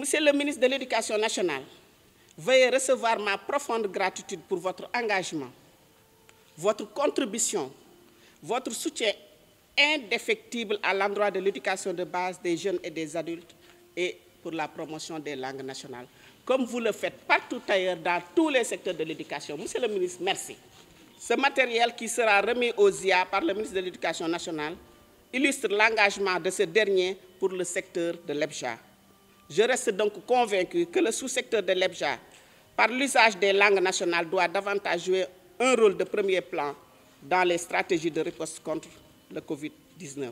Monsieur le ministre de l'Éducation nationale, veuillez recevoir ma profonde gratitude pour votre engagement, votre contribution, votre soutien indéfectible à l'endroit de l'éducation de base des jeunes et des adultes et pour la promotion des langues nationales, comme vous le faites partout ailleurs dans tous les secteurs de l'éducation. Monsieur le ministre, merci. Ce matériel qui sera remis aux IA par le ministre de l'Éducation nationale illustre l'engagement de ce dernier pour le secteur de l'Epja. Je reste donc convaincu que le sous-secteur de l'EBJA, par l'usage des langues nationales, doit davantage jouer un rôle de premier plan dans les stratégies de réponse contre le Covid-19.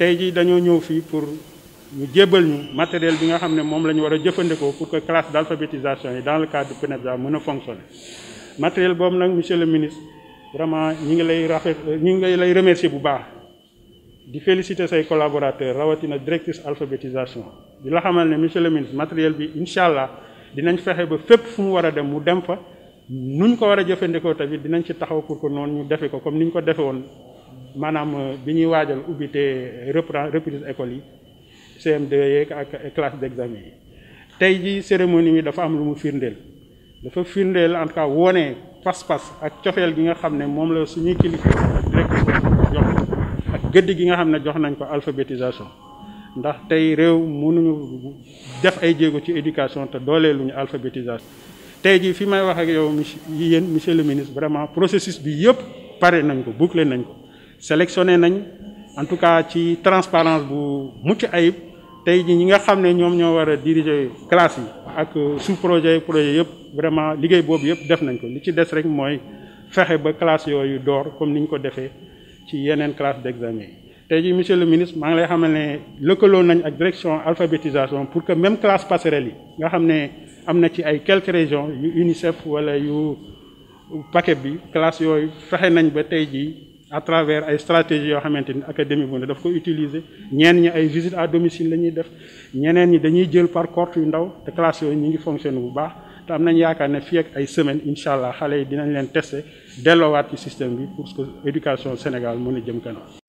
tey jii dañoo ñëw pour ñu jébal ñu matériel bi nga la pour que classe d'alphabétisation, alphabétisation dans le cadre de PNEBJA puisse fonctionner. fonctionner matériel monsieur le ministre vraiment ñi ngi lay di féliciter say collaborateurs rawatina directrice alphabétisation di la xamal ne monsieur le ministre matériel bi inshallah dinañ fexé ba fep fu mu wara dem mu dem fa nuñ ko wara jëfëndiko jëfandikoo tamit dinañ ci taxaw pour que non ñu défé ko comme niñ ko défé won manam euh, biñuy wajal ubité reprise école yi CM2 yeeg ak classe d'examen tay ji cérémonie mi dafa am lu mu firndel dafa firndel en tout cas woné pas-pas ak cofeel gi nga xamné mom la suñuy kilifa directrice gëdd gi nga xam ne jox nañ ko alphabétisation ndax tey réew mënuñu def ay jéego ci éducation te dooleelu ñu alphabétisation tey jii fi may wax ak yow yéen monsieur le ministre vraiment processus bi yëpp pare nañ ko boucler nañ ko sélectionné nañ en tout cas ci transparence bu mucc ayib tey jii ñi nga xam ne ñoom ñoo war a diriger classe yi ak sous projet projet yëpp vraiment liggéey boobu yëpp def nañ ko li ci des rek mooy fexe ba classe yooyu door comme ni ñu ko defee ci yeneen classe d'examen yi tey jii monsieur le ministre maa ngi lay xamal ne lëkkaloo nañ ak direction alphabétisation pour que même classe passerelle yi nga xam ne am na ci ay quelques régions yu UNICEF wala yu paquet bi classe yooyu fexe nañ ba tey jii à travers ay stratégies yoo xamante ni académie bu ne daf ko utiliser ñeen ñi ay visite à domicile la ñuy def ñeneen ñi dañuy jël par cohorte yu ndaw te classe yooyu ñu ngi fonctionner bu baax te am nañ yaakaar ne fii ak ay semaine incha allah xale yi dinañ leen tester delloowaat ci système bi pour que éducation Sénégal mën a jëm kanam.